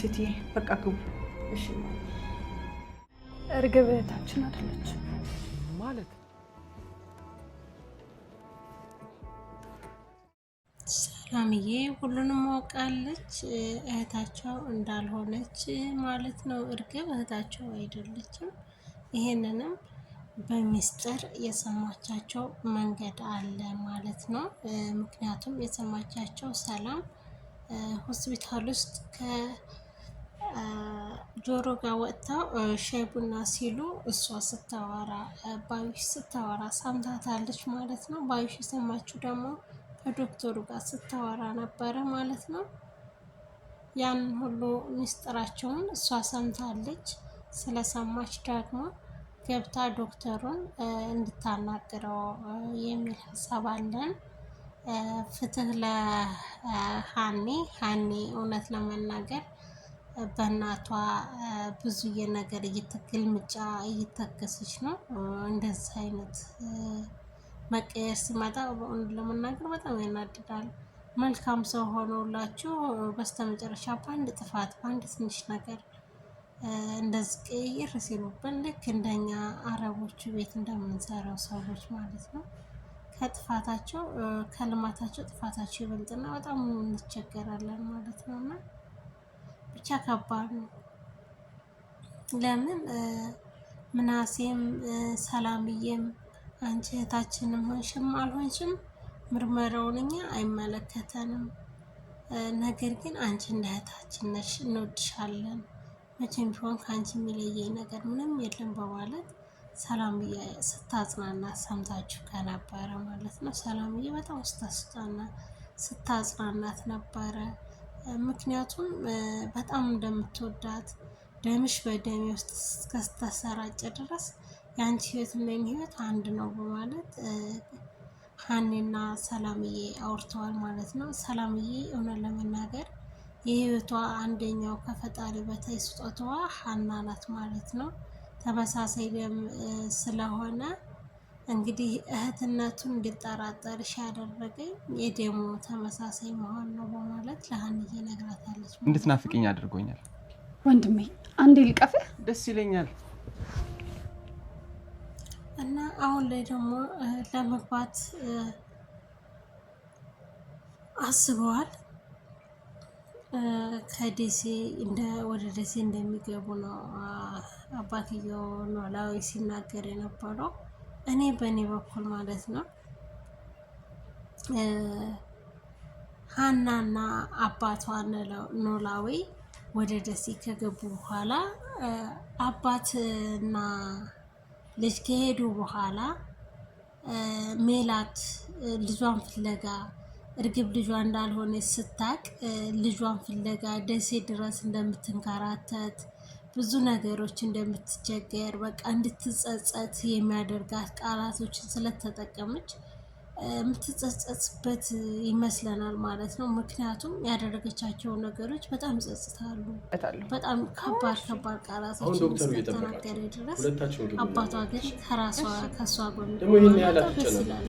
ሲቲ በቃ ግቡ። እሺ። እርግብ እህታችን አይደለች ማለት ሰላምዬ ሁሉንም አውቃለች። እህታቸው እንዳልሆነች ማለት ነው። እርግብ እህታቸው አይደለችም። ይሄንንም በሚስጥር የሰማቻቸው መንገድ አለ ማለት ነው። ምክንያቱም የሰማቻቸው ሰላም ሆስፒታል ውስጥ ከ ጆሮ ጋር ወጥተው ሻይ ቡና ሲሉ እሷ ስታወራ ባዩሽ ስታወራ ሰምታታለች ማለት ነው። ባዩሽ የሰማችው ደግሞ ከዶክተሩ ጋር ስታወራ ነበረ ማለት ነው። ያን ሁሉ ሚስጥራቸውን እሷ ሰምታለች። ስለሰማች ደግሞ ገብታ ዶክተሩን እንድታናግረው የሚል ሀሳብ አለን። ፍትህ ለሀኔ ሀኒ እውነት ለመናገር በእናቷ ብዙ የነገር ግልምጫ እየተከሰች ነው። እንደዚህ አይነት መቀየር ሲመጣ በእውነት ለመናገር በጣም ያናድዳል። መልካም ሰው ሆነውላችሁ በስተመጨረሻ በአንድ ጥፋት በአንድ ትንሽ ነገር እንደዚህ ቀይር ሲሉብን ልክ እንደኛ አረቦቹ ቤት እንደምንሰራው ሰዎች ማለት ነው። ከጥፋታቸው ከልማታቸው ጥፋታቸው ይበልጥና በጣም እንቸገራለን ማለት ነው እና ብቻ ከባድ ነው። ለምን ምናሴም ሰላምዬም አንቺ እህታችንም ሆንሽም አልሆንሽም ምርመራውን እኛ አይመለከተንም። ነገር ግን አንቺ እንደ እህታችን ነሽ፣ እንወድሻለን። መቼም ቢሆን ከአንቺ የሚለየኝ ነገር ምንም የለም በማለት ሰላምዬ ስታጽናና ሰምታችሁ ከነበረ ማለት ነው። ሰላምዬ በጣም ስታስታና ስታጽናናት ነበረ። ምክንያቱም በጣም እንደምትወዳት ደምሽ በደሜ ውስጥ እስከተሰራጨ ድረስ የአንቺ ህይወት እና የኔ ህይወት አንድ ነው በማለት ሀኔና ሰላምዬ አውርተዋል ማለት ነው። ሰላምዬ እውነት ለመናገር የህይወቷ አንደኛው ከፈጣሪ በታይ ስጦታዋ ሀና ናት ማለት ነው። ተመሳሳይ ደም ስለሆነ እንግዲህ እህትነቱን እንድጠራጠርሽ ያደረገኝ የደሞ ተመሳሳይ መሆን ነው በማለት ለሀንዬ ነግራታለች። እንድትናፍቅኝ አድርጎኛል። ወንድሜ አንዴ ልቀፍህ ደስ ይለኛል። እና አሁን ላይ ደግሞ ለመግባት አስበዋል። ከደሴ ወደ ደሴ እንደሚገቡ ነው አባትየው ኖላዊ ሲናገር የነበረው። እኔ በእኔ በኩል ማለት ነው ሀናና አባቷ ኖላዊ ወደ ደሴ ከገቡ በኋላ አባትና ልጅ ከሄዱ በኋላ ሜላት ልጇን ፍለጋ እርግብ ልጇ እንዳልሆነ ስታቅ ልጇን ፍለጋ ደሴ ድረስ እንደምትንከራተት ብዙ ነገሮች እንደምትቸገር በቃ እንድትጸጸት የሚያደርጋት ቃላቶችን ስለተጠቀመች የምትጸጸትበት ይመስለናል ማለት ነው። ምክንያቱም ያደረገቻቸው ነገሮች በጣም ይጸጽታሉ። በጣም ከባድ ከባድ ቃላቶችን እስከተናገረ ድረስ አባቷ ግን ከራሷ ከእሷ ጎን ደስ ይላል።